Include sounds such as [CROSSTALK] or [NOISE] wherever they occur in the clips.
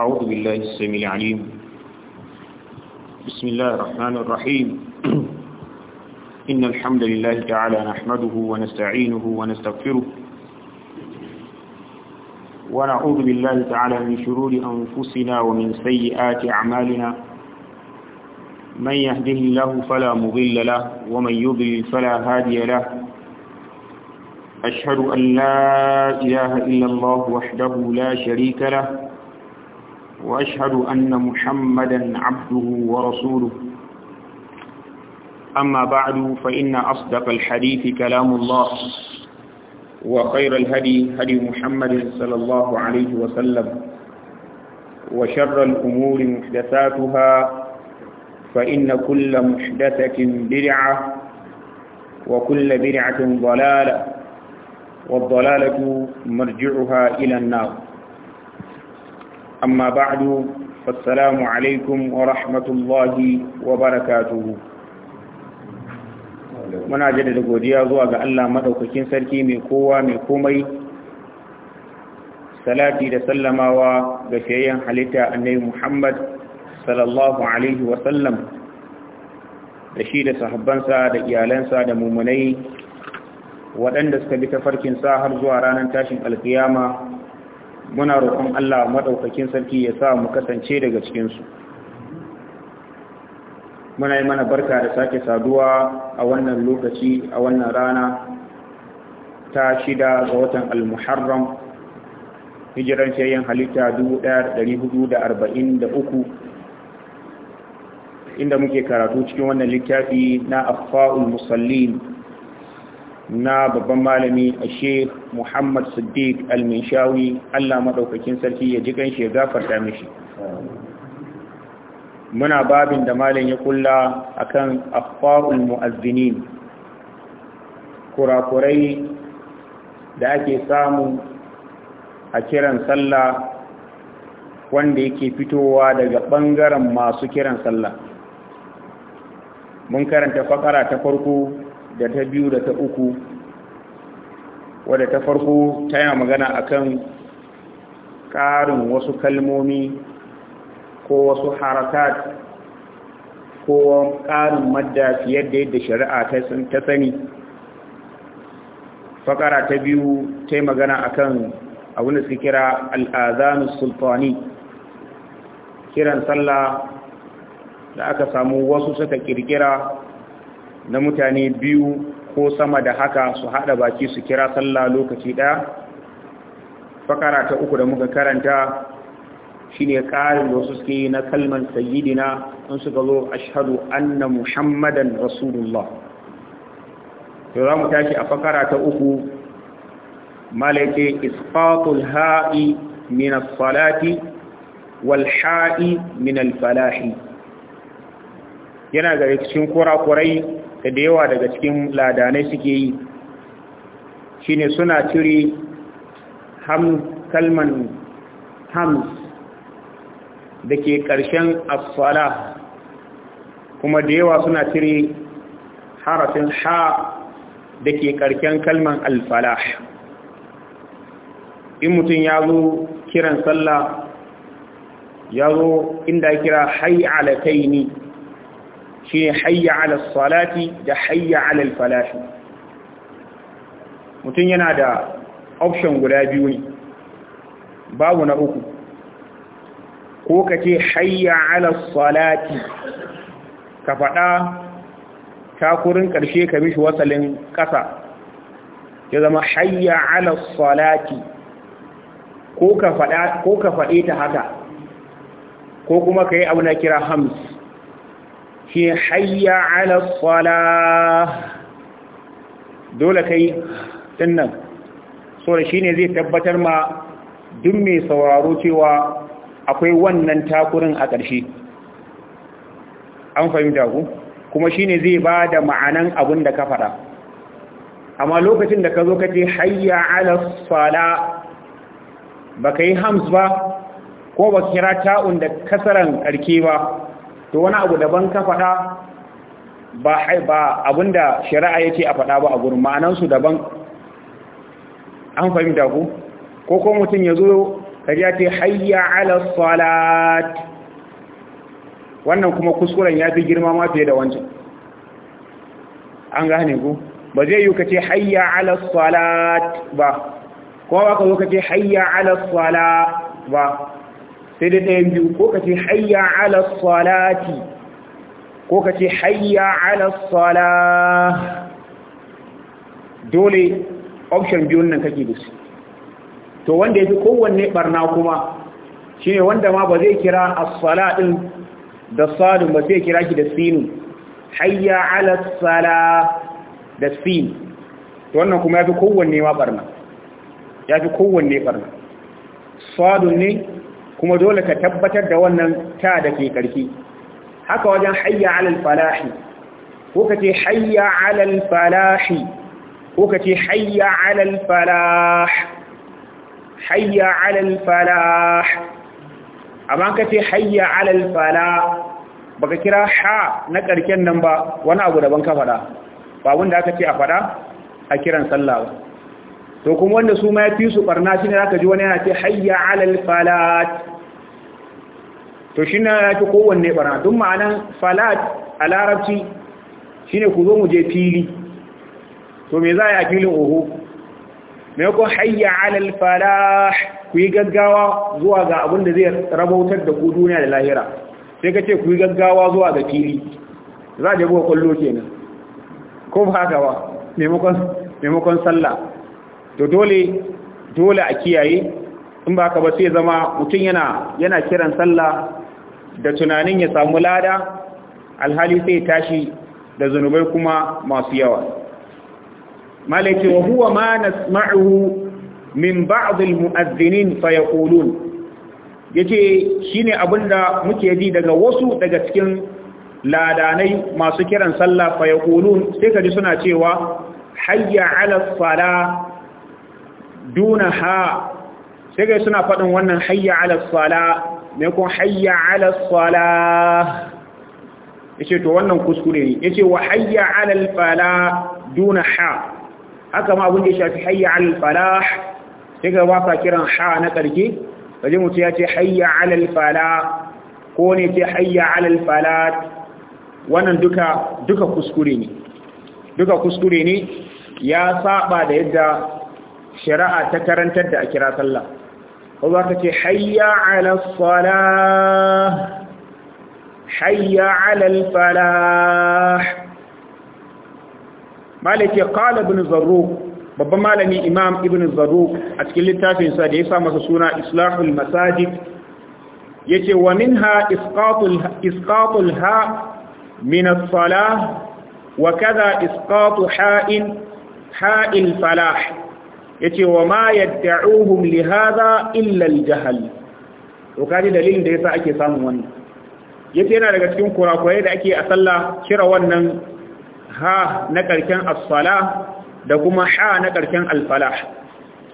أعوذ بالله السميع العليم بسم الله الرحمن الرحيم [CLEARS THROAT] إن الحمد لله تعالى نحمده ونستعينه ونستغفره ونعوذ بالله تعالى من شرور أنفسنا ومن سيئات أعمالنا من يهده الله فلا مضل له ومن يضلل فلا هادي له أشهد أن لا إله إلا الله وحده لا شريك له وأشهد أن محمدا عبده ورسوله أما بعد فإن أصدق الحديث كلام الله وخير الهدي هدي محمد صلى الله عليه وسلم وشر الأمور محدثاتها فإن كل محدثة برعة وكل برعة ضلالة والضلالة مرجعها إلى النار Amma أما بعد فالسلام عليكم ورحمة الله وبركاته muna jaddada godiya zuwa ga Allah madaukakin sarki mai kowa mai komai salati da sallamawa ga shayyan halitta annabi Muhammad sallallahu da shi da sahabbansa da iyalansa da mumunai waɗanda suka bi tafarkin sa har zuwa ranar tashin alkiyama muna roƙon Allah maɗaukakin sarki ya sa mu kasance daga cikinsu muna yi mana barka da sake saduwa a wannan lokaci a wannan rana ta shida ga watan al-muharram hijiran shayyan halitta 1443 inda muke karatu cikin wannan littafi na afa'ul musallin na babban malami a sheik muhammad siddiq al-minshawi allah maɗaukakin sarki ya ji kanshi ya gafarta mishi muna babin da malam ya kulla kan afawul mu'azzinin kurakurai da ake samu a kiran sallah wanda yake fitowa daga ɓangaren masu kiran sallah mun karanta fakara ta farko da ta biyu da ta uku wadda ta farko ta yi magana akan ƙarin wasu kalmomi ko wasu harakat ko ƙarin madda fiye da yadda shari'a ta sani faƙara ta biyu ta magana akan abin da su kira al'azanu sultani kiran sallah da aka samu wasu suka ƙirƙira. na mutane biyu ko sama da haka su haɗa baki su kira sallah lokaci ɗaya fakara ta uku da muka karanta shine ƙarin da wasu suke na kalman sayidina in suka zo ashadu anna muhammadan rasulullah to za mu tashi a fakara ta uku malake isfatul ha'i min as-salati wal ha'i min al-falahi yana ga cikin kurakurai da da daga cikin ladanai suke yi shi ne suna cire ham kalman hams da ke ƙarshen asfala kuma da yawa suna cire harafin ha da ke ƙarshen kalman alfala in mutum ya zo kiran sallah ya zo inda kira hai Alakai ne. shine hayya ala salati da hayya ala falashi mutum yana da option guda biyu ne babu na uku ko ka ce hayya ala salati ka faɗa takurin ƙarshe ka mishi wasalin ƙasa ya zama hayya ala salati ko ka faɗe ta haka ko kuma ka yi abu na kira hamsi ke hayya ala sala dole kai nan so da shine zai tabbatar ma duk mai sauraro cewa akwai wannan takurin a ƙarshe an fahimta ku kuma shine zai ba da ma'anan abin da ka fara amma lokacin da ka zo ka ce hayya ala sala ba yi hams ba ko ba kira ta'un da kasaran ƙarke ba to wani abu daban ka faɗa ba ba abinda shari'a yake a faɗa ba a gurin ma'anansu daban an fahimta ku ko ko mutum ya zo kaji ya ce hayya ala salat wannan kuma kuskuren ya fi girma ma fiye da wancan an gane ku ba zai yi ka ce hayya ala salat ba ko ba ka zo ka ce hayya ala salat ba sai da ɗayan biyu ko ka ce hayya ala salati ko ka ce hayya ala sala dole option biyun nan kake da su to wanda ya fi kowanne barna kuma shine wanda ma ba zai kira a sala da sadun ba zai kira shi da sinu hayya ala sala da sin to wannan kuma ya fi kowanne ma barna ya fi kowanne barna sadun ne kuma dole ka tabbatar da wannan ta da ke ƙarfi. haka wajen hayya alal falahi ko ka ce hayya alal falahi ko ka ce hayya alal falah hayya alal falah amma ka ce hayya alal falah baka kira ha na karken nan ba wani abu daban ka faɗa. ba wanda aka ce a faɗa a kiran sallah ba to kuma wanda su ma ya fi su barna shi ne zaka ji wani yana ce hayya alal falat to shi ne ya kowanne barna duk ma'anan falat a larabci shi ne ku zo mu je fili to me za a yi a filin oho me ko hayya alal falah ku yi gaggawa zuwa ga abin da zai rabautar da ku duniya da lahira sai ka ce ku yi gaggawa zuwa ga fili za a jabo kwallo kenan ko ba haka ba maimakon sallah to dole dole a kiyaye in ba ka ba sai zama mutum yana yana kiran sallah da tunanin ya samu lada alhali sai tashi da zunubai kuma masu yawa malaki wa huwa ma nasma'uhu min ba'd almu'adhdhinin fa yaqulun yace shine abinda muke ji daga wasu daga cikin ladanai masu kiran sallah fa yaqulun sai kaji suna cewa hayya 'ala salah duna ha sai suna faɗin wannan hayya ala sala mai kun hayya ala sala yace to wannan kuskure ne yace wa hayya ala fala duna ha haka ma abin da ya shafi hayya ala al falah sai ga waka kiran ha na karki kaje ya ce hayya ala fala ko ne ce hayya ala al falat wannan duka duka kuskure ne duka kuskure ne ya saba da yadda shari'a ta karantar da a kira sallah ko ta ce hayya ala salah hayya ala falah malaki qala ibn zarruq babban malami imam ibn zarruq a cikin littafinsa da ya sa masa suna islahul masajid yace wa minha isqatul isqatul ha min as-salah wa kadha isqatu ha'in ha'il falah yace wa ma yad'uhum li lihaza illa al-jahl to kaji dalilin da yasa ake samun wannan yace yana daga cikin kurakurai da ake a sallah kira wannan ha na karken as da kuma ha na karken al-falah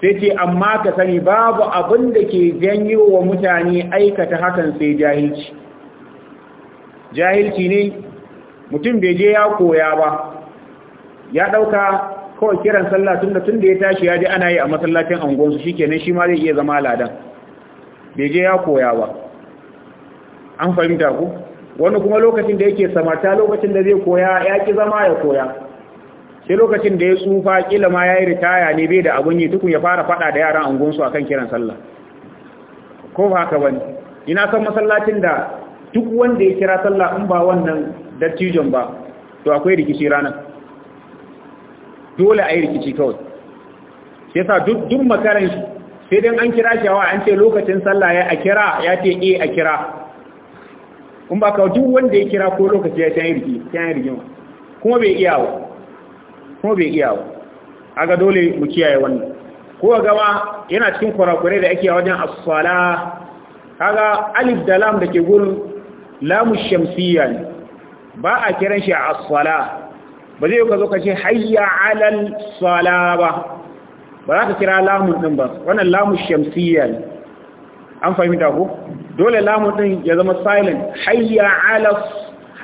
sai ce amma ka sani babu abin da ke janyo wa mutane aikata hakan sai jahilci jahilci ne mutum bai je ya koya ba ya ɗauka. kawai kiran sallah tun da ya tashi ya ji ana yi a masallacin angonsu kenan shi ma zai iya zama ladan bai je ya koya ba an fahimta ku wani kuma lokacin da yake samarta lokacin da zai koya ya ki zama ya koya sai lokacin da ya tsufa kila ma ya yi ritaya ne bai da abun yi tukun ya fara fada da yaran angonsu akan kiran sallah ko ba haka bane ina san masallacin da duk wanda ya kira sallah in ba wannan dattijon ba to akwai rikici ranar dole a yi rikici kawai shi sa duk duk makaran shi sai dan an kira shi wa an ce lokacin sallah ya a kira ya ce eh a kira kun ba ka duk wanda ya kira ko lokaci ya ta yi rikici ta yi rikici kuma bai iya wa kuma bai iya wa aga dole mu kiyaye wannan ko gama yana cikin kurakure da ake wajen as-sala kaga alif da lam da ke gurin lamu shamsiyya ba a kiran shi as-sala ba zai ka zo ka ce hayya alal sala ba ba za ka kira lamun din ba wannan lamun shamsiyya ne an fahimta ko dole lamun din ya zama silent hayya ala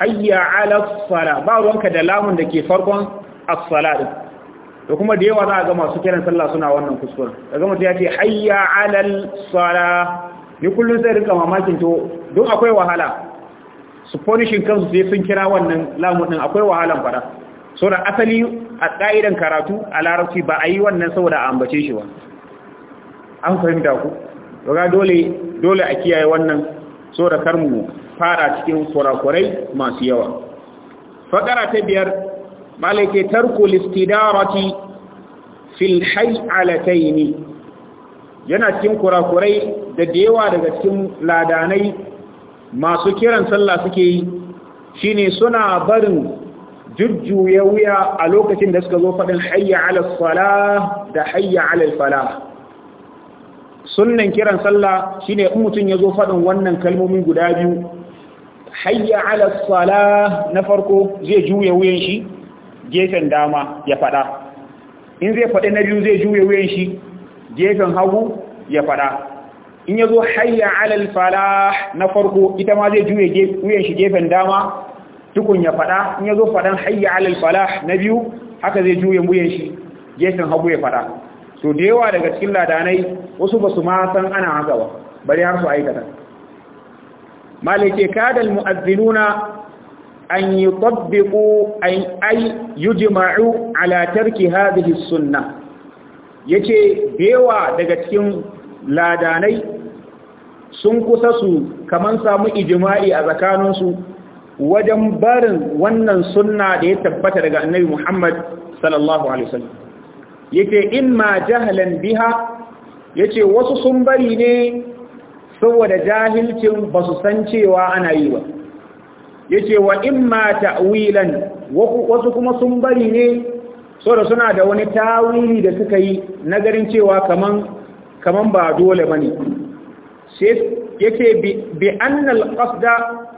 hayya ala sala ba ruwanka da lamun da ke farkon as-sala din to kuma da yawa za ga masu kiran sallah suna wannan kuskure daga mutum ya ce hayya alal sala ni kullun sai rinka mamakin to don akwai wahala su punishing kansu sai sun kira wannan lamun din akwai wahalan fara sora asali a ƙa'idan karatu a larabci ba a yi wannan saboda a ambace shi ba an fahimta ku daga dole a kiyaye wannan so karmu fara cikin kurakurai masu yawa fakara ta biyar malake tarko listidarati fil ne yana cikin kurakurai da yawa daga cikin ladanai masu kiran sallah suke yi shine suna barin jujjuya wuya a lokacin da suka zo faɗin hayya ala sala da hayya ala fala sunan kiran sallah shine in mutum ya zo faɗin wannan kalmomin guda biyu hayya ala sala na farko zai juya wuyan shi gefen dama ya faɗa in zai faɗi na biyu zai juya wuyan shi gefen hagu ya faɗa in ya zo hayya ala fala na farko ita ma zai juya wuyan shi gefen dama Dukun ya faɗa in ya zo faɗan hayya alal falah na biyu haka zai juya muyan shi gefen hagu ya faɗa to da yawa daga cikin ladanai wasu ba su ma san ana haka ba bari har su aikata malike kadal mu'azzinuna an yutabbiqu ay ay yujma'u ala tarki hadhihi sunnah yace bewa daga cikin ladanai sun kusa su kaman samu ijma'i a tsakaninsu wajen barin wannan sunna da ya tabbata daga annabi Muhammad sallallahu alaihi wasallam yake in ma biha yace wasu sun bari ne saboda jahilcin ba su san cewa ana yi ba yace wa in ma ta'wilan wasu kuma sun bari ne saboda suna da wani tawili da suka yi na garin cewa kaman kaman ba dole bane sai yake bi annal qasda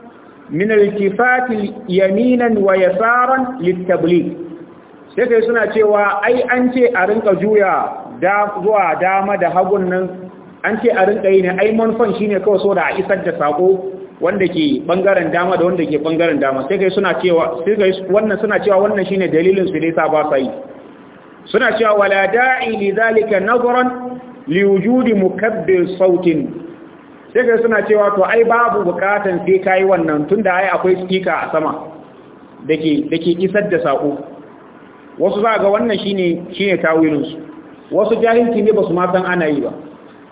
min iltifati yaminan wa yasaran litabligh sai kai suna cewa ai an ce a rinka juya da zuwa dama da hagun nan an ce a rinka yi ne ai manfan shine kawai so da a isar da sako wanda ke bangaren dama da wanda ke bangaren dama sai kai suna cewa sai kai wannan suna cewa wannan shine dalilin su ne sa ba sai suna cewa wala da'i li zalika nazran li wujudi mukabbir sautin sai ka suna cewa to ai babu bukatan sai ka yi wannan tunda ai akwai speaker a sama dake dake isar da sako wasu za ga wannan shine shine tawilin wasu jahilci ne basu ma san ana yi ba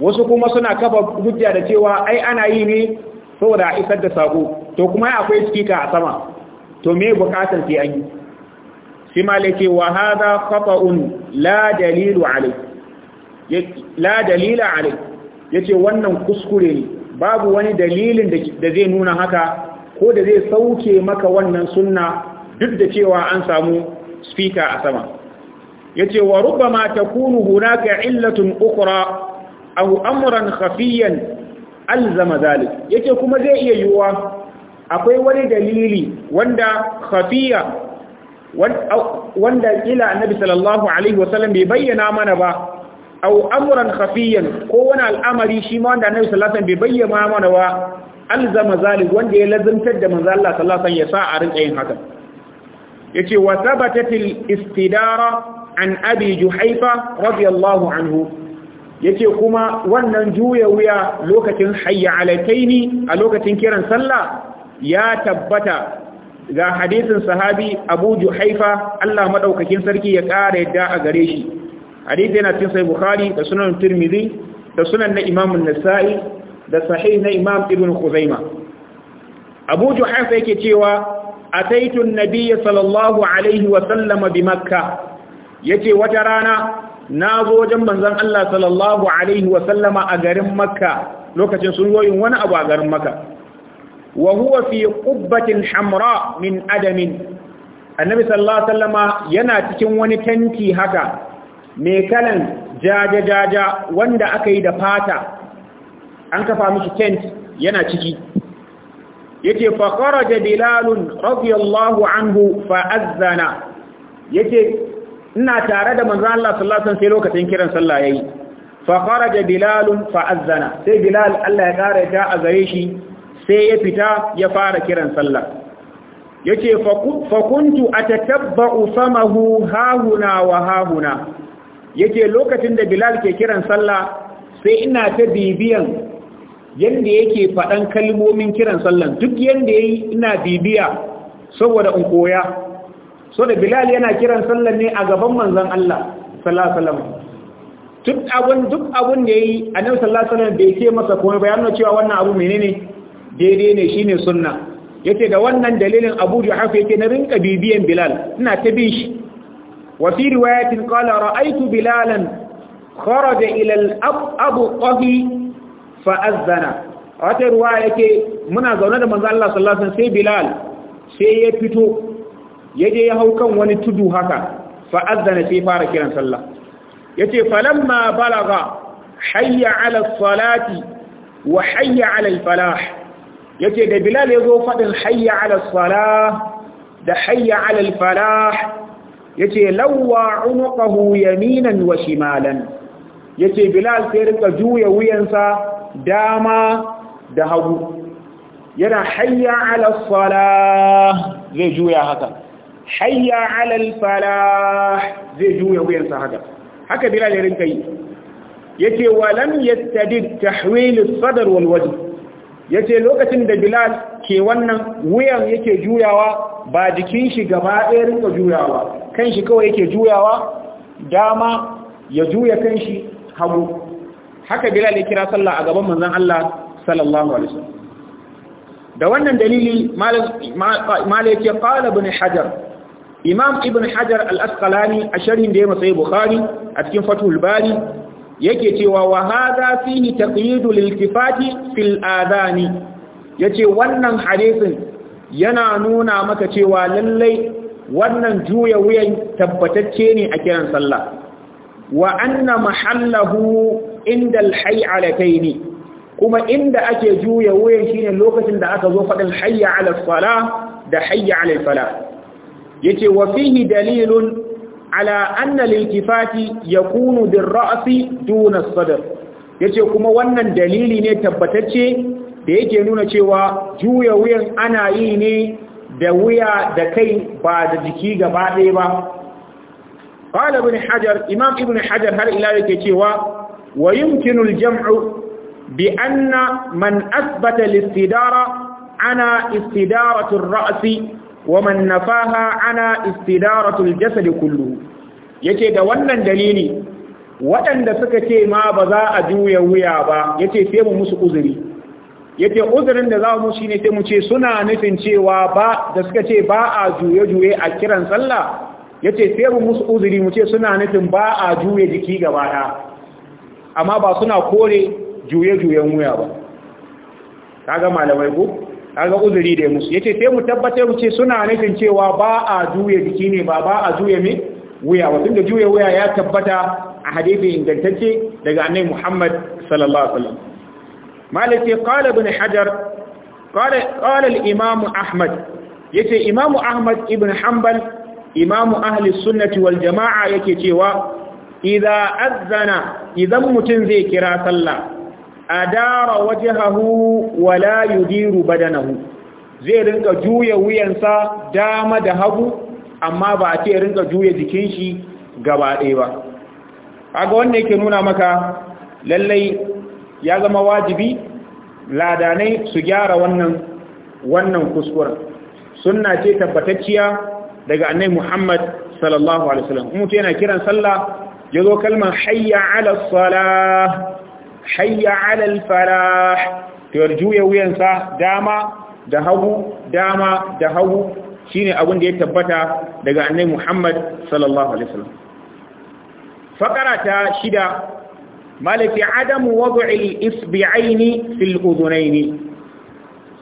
wasu kuma suna kafa hujja da cewa ai ana yi ne saboda a isar da sako to kuma akwai speaker a sama to me bukatan sai an yi sai malake wa hadha khata'un la dalilu alayh la dalila alayh yace wannan kuskure ne babu wani dalilin da zai nuna haka ko da zai sauke maka wannan sunna duk da cewa an samu speaker a sama yace wa rubbama takunu hunaka illatun ukura? aw amran khafiyan alzama zalik yace kuma zai iya yiwuwa akwai wani dalili wanda khafiya wanda ila annabi sallallahu alaihi wasallam bai bayyana mana ba aw amran khafiyan ko wani al'amari shi ma wanda annabi sallallahu alaihi wasallam bai bayyana mana wa alzama zalik wanda ya lazimtar da manzo Allah sallallahu alaihi wasallam ya sa a rinka yin haka yace wa thabatatil istidara an abi juhaifa radiyallahu anhu yace kuma wannan juya wuya lokacin hayya alataini a lokacin kiran sallah ya tabbata ga hadisin sahabi abu juhaifa Allah madaukakin sarki ya kara yadda a gare shi hadisi yana cikin sai bukhari da sunan tirmidhi da sunan na imam an-nasa'i da sahih na imam ibn khuzaima abu juhayfa yake cewa ataitu an-nabiy sallallahu alaihi wa sallam bi makkah yace wata rana na zo wajen manzon Allah sallallahu alaihi wa sallam a garin makka lokacin sunoyin wani abu a garin makka wa huwa fi qubbatin hamra min adamin annabi sallallahu alaihi yana cikin wani tanti haka mai kalan jaja-jaja wanda aka yi da fata an kafa mishi tent yana ciki yace fa kharaja bilal radiyallahu anhu fa azana yace ina tare da manzon Allah sallallahu sai lokacin kiran sallah yayi fa kharaja bilal fa azana sai bilal Allah ya kare ta a gare shi sai ya fita ya fara kiran sallah yace fa kuntu atatabba'u samahu hahuna wa hahuna yake lokacin da bilal ke kiran sallah sai ina ta bibiyan yadda yake faɗan kalmomin kiran sallah. duk yadda ya yi ina bibiya saboda in koya so da bilal yana kiran sallah ne a gaban manzan Allah salasalam duk abun duk abun da ya yi a nan salasalam bai ce masa kuma bayan cewa wannan abu menene daidai ne shine sunna yace da wannan dalilin abu juhaf yake na rinka bibiyan bilal ina ta bin shi وفي رواية قال رأيت بلالا خرج إلى الأبقه فأذن wata ruwa yake muna zaune da manzo Allah sallallahu alaihi sai Bilal sai ya fito yaje ya hau kan wani tudu haka fa azzana sai fara kiran sallah yace falamma balaga hayya wa hayya ala yace da Bilal ya zo faɗin ala da hayya ala yace lawwa unuqahu yaminan wa shimalan yace bilal sai rika juya wuyansa dama da hagu yana hayya ala salah zai juya haka hayya ala falah zai juya wuyansa haka haka bilal ya rinka yi yace walam yastadid tahwil as-sadr wal wajh yace lokacin da bilal ke wannan wuyan yake juyawa ba jikin shi gaba ɗaya rinka juyawa kanshi kawai yake juyawa dama ya juya kanshi hagu haka bilal ya kira sallah a gaban manzon Allah sallallahu alaihi wasallam da wannan dalili mala yake qala ibn hajar imam ibn hajar al-asqalani a sharhin da ya matsayi bukhari a cikin fathul bari yake cewa wa hadha fihi taqyidu lil-kifati fil adani yace wannan hadisin yana nuna maka cewa lallai wannan juya wuyan tabbatacce ne a kiran sallah wa anna mahallahu inda alhayalataini kuma inda ake juya wuyan shine lokacin da aka zo fadin hayya ala da hayya ala falah yace wa fihi dalilun ala anna al-iltifati yakunu bir-ra'si duna as-sadr yace kuma wannan dalili ne tabbatacce da yake nuna cewa juya wuyan ana yi ne da wuya da kai ba da jiki gaba ɗaya ba qala ibn hajar imam ibn hajar har ila yake cewa wa yumkinul jamu bi anna man athbata listidara, ana istidaratun ra'asi wa man nafaha ana istidaratu jasadi jasad kulluhu yace da wannan dalili waɗanda suka ce ma ba za a juya wuya ba yace sai mu musu uzuri yake uzurin da za mu shine sai mu ce suna nufin cewa ba da suka ce ba a juye juye a kiran sallah yace sai mu musu uzuri mu ce suna nufin ba a juye jiki gaba ta amma ba suna kore juye juyen wuya ba kaga malamai ko kaga uzuri da musu yace sai mu tabbatar mu ce suna nufin cewa ba a juye jiki ne ba ba a juye me wuya wa tunda juye wuya ya tabbata a hadisi ingantacce daga annabi Muhammad sallallahu alaihi wasallam malaki qala ibn hajar qala qala al-imam ahmad yace imam ahmad ibn hanbal Imamu ahli sunnati wal jamaa yake cewa idza azana idan mutum zai kira sallah A adara wajhahu wala yudiru badanahu zai rinka juya wuyansa dama da hagu amma ba a ce rinka juya jikin shi gaba ɗaya ba kaga wanda yake nuna maka lallai ya zama wajibi ladanai su gyara wannan wannan kuskuren sunna ce tabbatacciya daga annai muhammad sallallahu alaihi wasallam mutu yana kiran sallah ya zo kalmar hayya ala salah hayya ala falah to yarjuya wuyansa dama da hagu dama da hagu shine abin da ya tabbata daga annai muhammad sallallahu alaihi wasallam fakara ta shida Maliki adamu wadu'il isbi'aini fil udunaini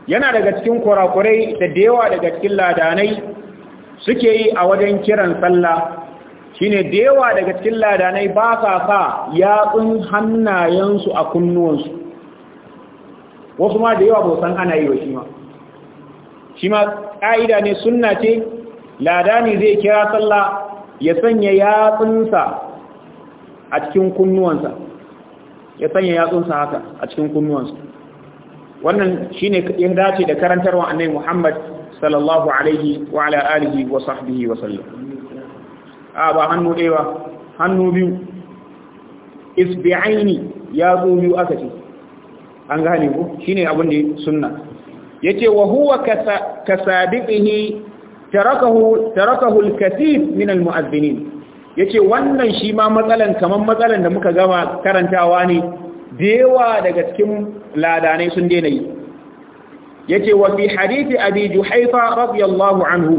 yana daga cikin kurakurai da dewa daga cikin ladanai suke yi a wajen kiran sallah shine dewa daga cikin ladanai ba sa sa yatsun hannayensu a kunnuwansu wasu ma da yawa ba san ana yi wa shi ma shi ma ƙa'ida ne sunna ce ladani zai kira sallah ya sanya yatsunsa a cikin kunnuwansa ya sanya yatsunsa haka a cikin kunnuwansa wannan shi ne ya dace da karantarwa annabi Muhammad sallallahu alaihi wa ala alihi wa sahbihi wa sallam a ba hannu ɗaya ba hannu biyu isbi'aini ya zo biyu aka ce an gane ku. Shi ne abin da sunna Ya yace wa huwa kasabihi tarakahu tarakahu al-kathir min al yace wannan shi ma matsalan kaman matsalan da muka gama karantawa ne dewa daga cikin ladanai sun daina yi yace wa fi hadisi abiju-haifa radiyallahu anhu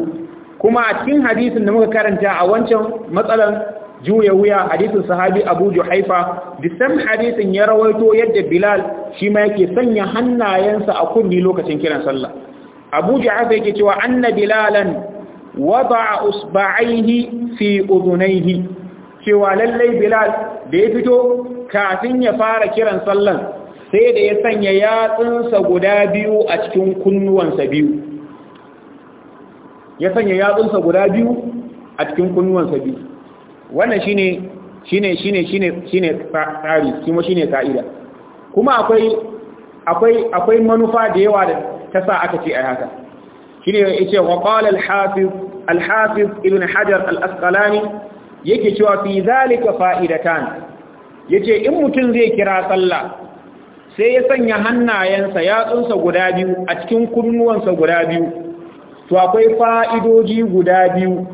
kuma a cikin hadisin da muka karanta a wancan matsalan juya wuya hadisin sahabi abuju Haifa. disan hadisin ya rawaito yadda bilal shi ma yake sanya hannayensa a kulli lokacin kiran sallah abuja juhaifa yake cewa anna bilalan wada a usba'aihi fi uzunaihi cewa lallai bilal da ya fito kafin ya fara kiran sallan sai da ya sanya yatsunsa guda biyu a cikin kunnuwansa biyu ya sanya yatsunsa guda biyu a cikin kunnuwansa biyu wannan shine shine shine shine shine tsari kuma shine ka'ida kuma akwai akwai akwai manufa da yawa da ta sa aka ce ai haka shine yace wa qala al-hafiz al-hafiz ibn hajar al-asqalani yake cewa fi zalika fa'idatan yace in mutum zai kira sallah sai ya sanya hannayensa yatsunsa guda biyu a cikin kunnuwansa guda biyu to akwai fa'idoji guda biyu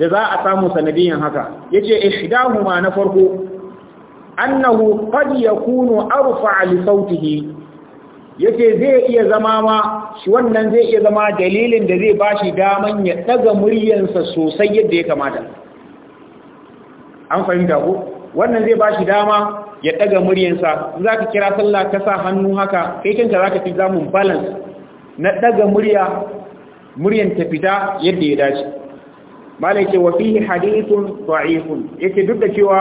da za a samu sanadiyan haka yace ma na farko annahu qad yakunu arfa li sautihi yace zai iya zama ma shi wannan zai iya zama dalilin da zai bashi daman ya daga muryansa sosai yadda ya kamata an fahimta ko wannan zai bashi dama ya daga muryansa za ka kira sallah ka sa hannu haka kai kanka za ka fi zamun balance na daga murya muryan ta fita yadda ya dace malai ce wa fihi hadithun da'ifun yake duk da cewa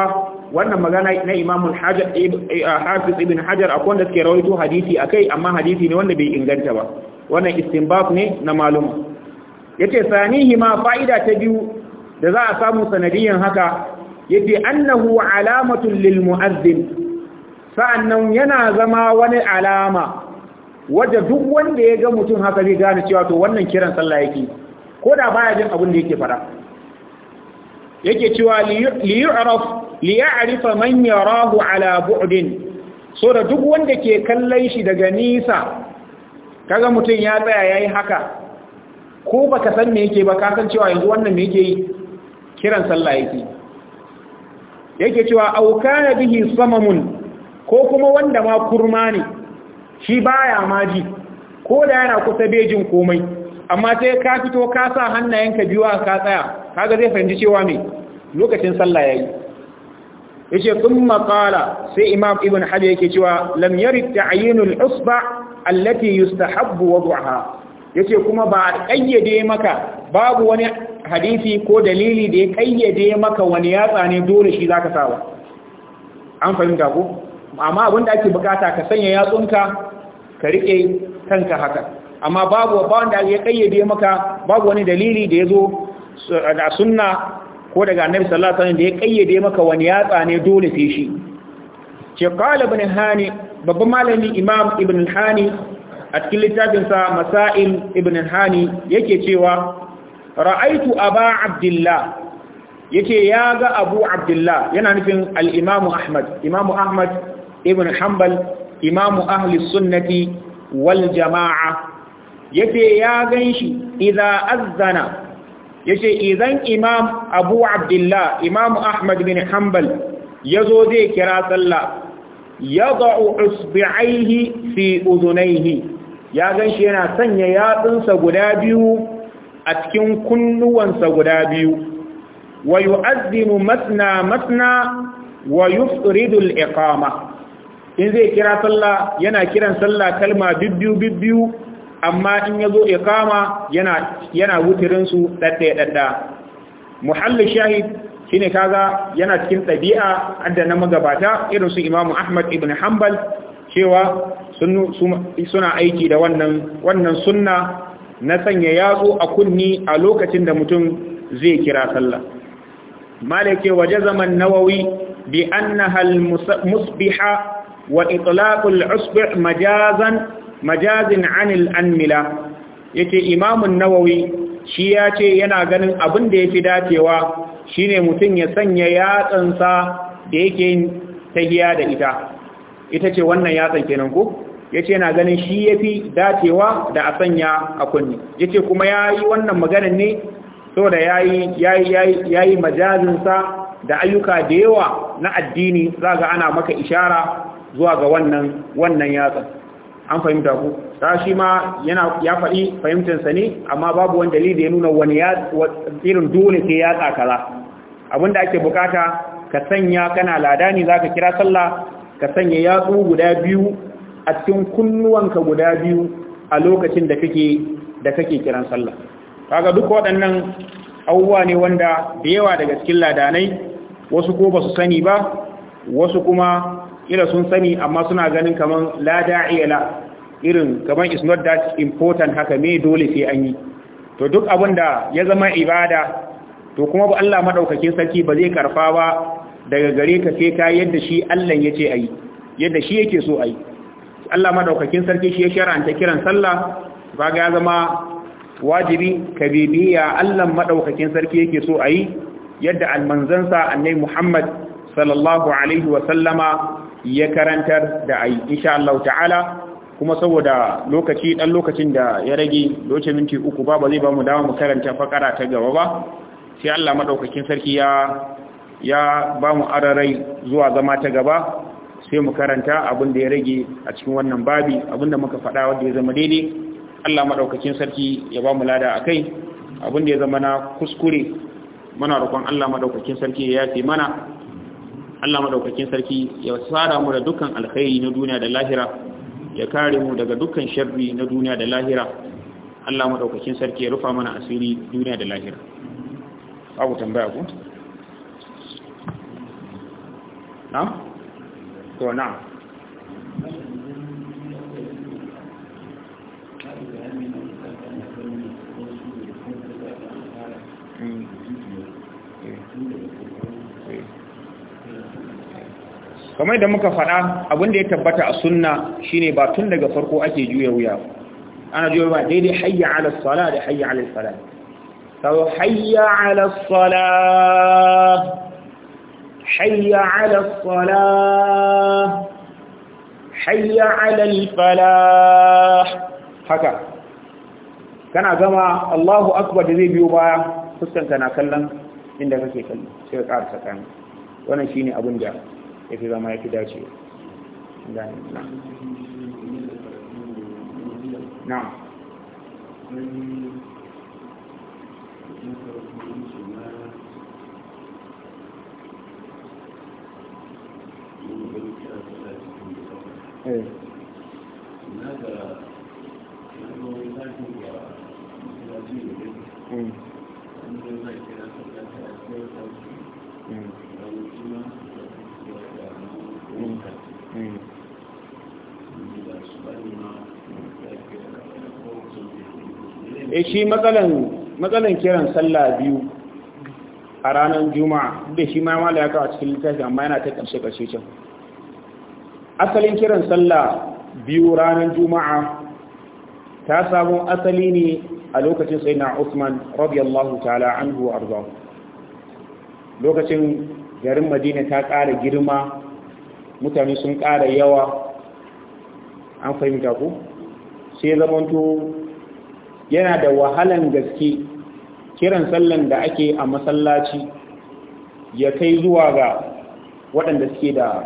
wannan magana na imamul hafiz ibn hajar akwai wanda suke rawaito hadisi akai amma hadisi ne wanda bai inganta ba wannan istinbaf ne na maluma yace sanihi ma fa'ida ta biyu da za a samu sanadiyan haka yace annahu alamatun lil mu'azzin sa'annan yana zama wani alama wanda duk wanda ya ga mutum haka zai gane cewa to wannan kiran sallah yake ko da baya jin abin da yake fara yake cewa li yu'raf li ya'rifa man yarahu ala bu'din so da duk wanda ke kallon shi daga nisa kaga mutum ya tsaya yayi haka ko baka san me yake ba ka san cewa yanzu wannan me yake yi kiran sallah yake yake cewa au kana bihi samamun ko kuma wanda ma kurma ne shi baya ma ji ko da yana kusa bejin komai amma sai ka fito ka sa hannayenka biyu a ka tsaya kaga zai fahimci cewa me lokacin sallah yayi yace kuma kala sai imam ibn hadi yake cewa lam yarid ta'yinul usba allati yustahabbu wad'aha yace kuma ba kayyade maka babu wani hadisi ko dalili da ya kayyade maka wani yatsa ne dole shi zaka sawa an fahimta ko amma abin da ake bukata ka sanya yatsunka ka rike kanka haka amma babu ba wanda ya kayyade maka babu wani dalili da yazo da sunna ko daga annabi sallallahu alaihi wasallam da ya kayyade maka wani yatsa ne dole sai shi ce qala ibn hani babban malami imam ibn hani a cikin littafin sa masail ibn hani yake cewa ra'aitu aba abdullah yace ya ga abu abdullah yana nufin al-imam ahmad imam ahmad ibn hanbal imam ahli sunnati wal jama'a yace ya ganshi idza azzana yace idan imam abu abdullah imam ahmad bin hanbal yazo zai kira sallah yad'u usbi'aihi fi udunaihi ya ganshi yana sanya yatsunsa guda biyu a cikin kunnuwansa guda biyu wa yu'azzinu matna matna wa yufridu al-iqama in zai kira sallah yana kiran sallah kalma bibbiyu bibbiyu amma in ya zo iqama yana yana wutirin su dadda muhallu shahid shine kaga yana cikin ɗabi'a adda na magabata irin su Imam Ahmad ibn Hanbal cewa suna aiki da wannan sunna na sanya yatsu a kunni a lokacin da mutum zai kira sallah malike waje zaman nawawi bi annaha musbiha wa itlaq al-usbu' majazan majazin anil anmila yace imamun nawawi shi ya ce yana ganin abin da ya fi dacewa ne mutum ya sanya yatsansa da yake yin tahiya da ita ita ce wannan yatsan kenan ya ce yana ganin shi ya fi dacewa da a sanya a kunni yace kuma ya yi wannan maganin ne saboda ya yi majazinsa da ayyuka da yawa na addini za ga ana maka ishara zuwa ga wannan yatsan an fahimta ku ta shi ma ya faɗi fahimtansa ne amma babu wani dalili ya nuna wani ya irin dole sai ya tsakala abinda ake bukata ka sanya kana lada ne zaka kira sallah ka sanya yatsu guda biyu a cikin kunnuwanka guda biyu a lokacin da kake da kake kiran sallah kaga duk waɗannan abubuwa ne wanda da yawa daga cikin ladanai wasu ko ba su sani ba wasu kuma ila sun sani amma suna ganin kaman la da'iya la irin kaman is not that important haka me dole sai an yi to duk abin da ya zama ibada to kuma ba Allah madaukakin sarki ba zai karfa ba daga gare ka sai ka yadda shi Allah yace yi yadda shi yake so ayi Allah madaukakin sarki shi ya shar'anta kiran sallah kaga ya zama wajibi kabibiya Allah madaukakin sarki yake so ayi yadda almanzansa annabi Muhammad sallallahu alaihi wa sallama ya karantar da yi insha Allah ta'ala kuma saboda lokaci ɗan lokacin da ya rage lokacin minti uku ba ba zai ba mu dama mu karanta fakara ta gaba ba sai Allah maɗaukakin sarki ya ya ba mu ararai zuwa zama ta gaba sai mu karanta abin da ya rage a cikin wannan babi abin da muka faɗa wanda ya zama daidai Allah maɗaukakin sarki ya ba mu lada a kai abin da ya zama na kuskure muna roƙon Allah maɗaukakin sarki ya yafe mana Allah madaukakin sarki ya tsara mu da dukkan alkhairi na duniya da lahira ya kare mu daga dukkan sharri na duniya da lahira Allah madaukakin sarki ya rufa mana asiri duniya da lahira abu tambaya ku na to na kamar da muka faɗa abin da ya tabbata a sunna shine ba tun daga farko ake juya wuya ana juya ba daidai hayya ala sala da hayya ala sala sau hayya ala sala hayya ala sala hayya ala falah haka kana gama Allahu akbar da zai biyo baya fuskanka na kallon inda kake kallo sai ka ƙarsa kan wannan shine abin da ya fi zama ya fi dace na eh. Hey. Hmm. shi matsalan kiran sallah biyu a ranar juma'a da shi ma ya kawo cikin littafi amma yana ta ƙarshe ƙarshe can asalin kiran sallah biyu ranar juma'a ta samu asali ne a lokacin sai na usman radiyallahu ta'ala anhu arzahu lokacin garin madina ta ƙara girma mutane sun ƙara yawa an fahimta ku sai zamanto yana da wahalan gaske kiran sallan da ake a masallaci ya kai zuwa ga waɗanda suke da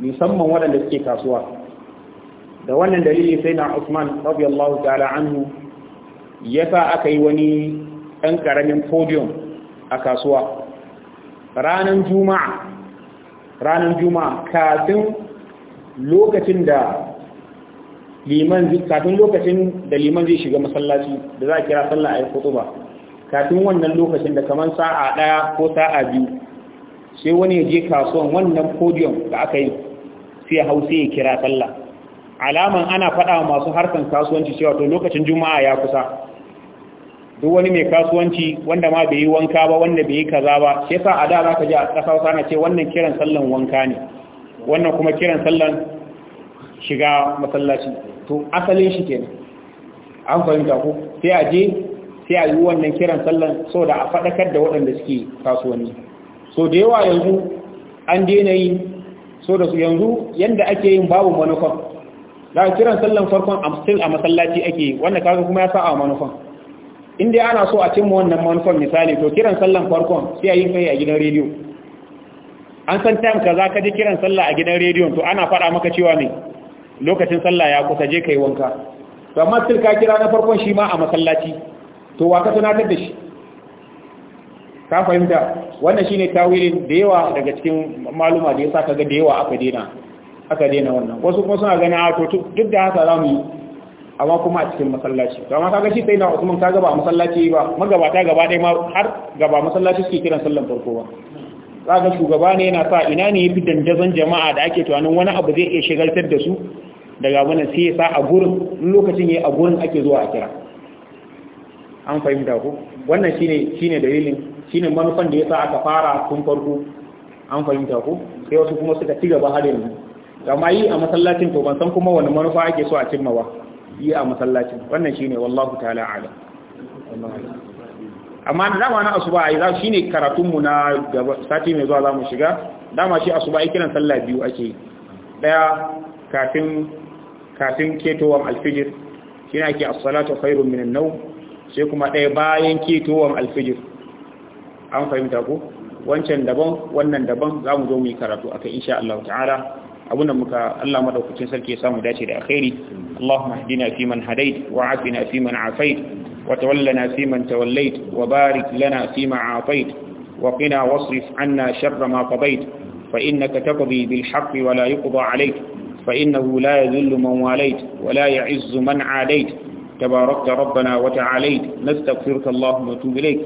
musamman waɗanda suke kasuwa da wannan dalili sai na Usman radiyallahu ta'ala anhu ya sa aka yi wani ɗan ƙaramin podium a kasuwa Ranan juma'a ranar juma'a kafin lokacin da liman kafin lokacin da liman zai shiga masallaci da za a kira sallah a yi kutuba kafin wannan lokacin da kamar sa'a ɗaya ko sa'a biyu sai wani ya je kasuwan wannan podium da aka yi sai hau sai ya kira sallah alaman ana faɗa masu harkan kasuwanci cewa to lokacin juma'a ya kusa duk wani mai kasuwanci wanda ma bai yi wanka ba wanda bai yi kaza ba shi yasa a da za ka je a ƙasa na ce wannan kiran sallan wanka ne wannan kuma kiran sallan shiga masallaci to asalin shi kenan an fahimta ko sai a je sai a yi wannan kiran sallan so da a faɗakar da waɗanda suke kasuwanni so da yawa yanzu an dena yi so da su yanzu yanda ake yin babu manufan da kiran sallan farkon amstil a masallaci ake wanda kaga kuma ya sa a manufan in dai ana so a cimma wannan manufan misali to kiran sallan farkon sai a yi kai a gidan rediyo an san time kaza ka ji kiran sallah a gidan rediyon to ana faɗa maka cewa ne lokacin sallah ya kusa je kai wanka to amma still kira na farkon shi ma a masallaci to wa ka tunatar da shi ka fahimta wannan shine tawilin da yawa daga cikin maluma da yasa kaga da yawa aka dena aka dena wannan wasu kuma suna ganin a to duk da haka zamu yi amma kuma a cikin masallaci to amma kaga shi sai na Usman kaga ba masallaci ba magabata gaba ɗaya ma har gaba masallaci suke kiran sallan farko ba zaga shugaba ne yana sa ina ne ya fi dandazon jama'a da ake tunanin wani abu zai iya shigaltar da su daga wani sai ya sa a gurin lokacin ya a gurin ake zuwa a kira an fahimta ko wannan shine shine dalilin shine manufan da ya sa aka fara tun farko an fahimta ko sai wasu kuma suka ci gaba hadin mu. amma yi a masallacin to ban san kuma wani manufa ake so a cimma ba yi a masallacin wannan shine wallahu ta'ala alam amma da dama na asuba ai za shine karatun mu na gaba sati mai zuwa za mu shiga dama shi asuba ai kiran sallah biyu ake daya kafin kafin ketowar alfijir yana ke asalatu khairun minan nau sai kuma ɗaya bayan ketowar alfijir an fahimta ku wancan daban wannan daban za mu zo mu yi karatu akai insha Allah ta'ala abinda muka Allah madaukakin sarki ya samu dace da alkhairi Allahumma hdina fi man hadait wa afina fi man afait wa tawallana fi man tawallait wa barik lana fi ma wa qina wasrif anna sharra ma qadait fa innaka taqdi bil haqqi wa la yuqda alayk فإنه لا يذل من واليت ولا يعز من عاديت تباركت ربنا وتعاليت نستغفرك اللهم وتوب إليك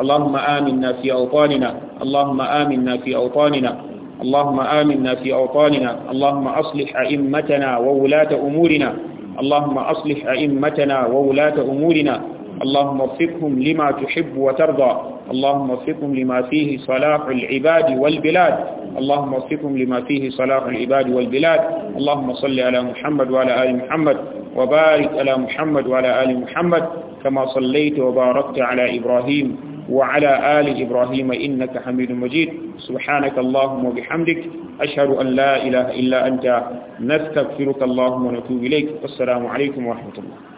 اللهم آمنا في أوطاننا اللهم آمنا في أوطاننا اللهم آمنا في أوطاننا اللهم أصلح أئمتنا وولاة أمورنا اللهم أصلح أئمتنا وولاة أمورنا اللهم وفقهم لما تحب وترضى اللهم وفقهم لما فيه صلاح العباد والبلاد اللهم وفقهم لما فيه صلاح العباد والبلاد اللهم صل على محمد وعلى آل محمد وبارك على محمد وعلى آل محمد كما صليت وباركت على إبراهيم وعلى آل إبراهيم إنك حميد مجيد سبحانك اللهم وبحمدك أشهد أن لا إله إلا أنت نستغفرك اللهم ونتوب إليك والسلام عليكم ورحمة الله